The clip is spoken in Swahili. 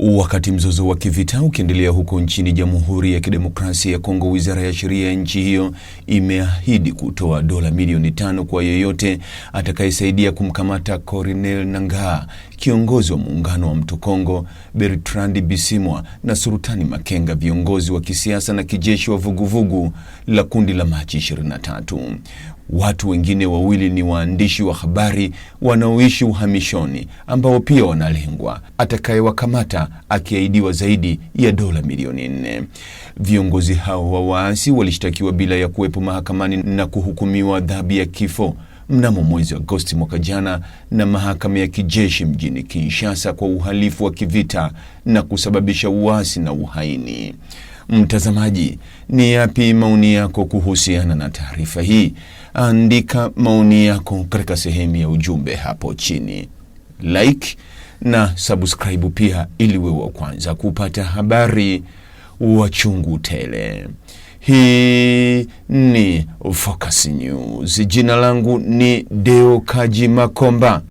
Wakati mzozo wa kivita ukiendelea huko nchini Jamhuri ya Kidemokrasia ya Kongo, wizara ya sheria ya nchi hiyo imeahidi kutoa dola milioni tano kwa yeyote atakayesaidia kumkamata Corneille Nangaa, kiongozi wa muungano wa Mto Kongo, Bertrand Bisimwa na Sultani Makenga, viongozi wa kisiasa na kijeshi wa vuguvugu vugu la kundi la Machi 23. Watu wengine wawili ni waandishi wa habari wanaoishi uhamishoni ambao pia wanalengwa. Atakayewakamata akiaidiwa akiahidiwa zaidi ya dola milioni nne. Viongozi hao wa waasi walishtakiwa bila ya kuwepo mahakamani na kuhukumiwa adhabu ya kifo mnamo mwezi Agosti mwaka jana na mahakama ya kijeshi mjini Kinshasa kwa uhalifu wa kivita na kusababisha uasi na uhaini. Mtazamaji, ni yapi maoni yako kuhusiana na taarifa hii? Andika maoni yako katika sehemu ya ujumbe hapo chini. Like, na subscribe pia, ili wewe wa kwanza kupata habari wa chungu tele. Hii ni Focus News. Jina langu ni Deo Kaji Makomba.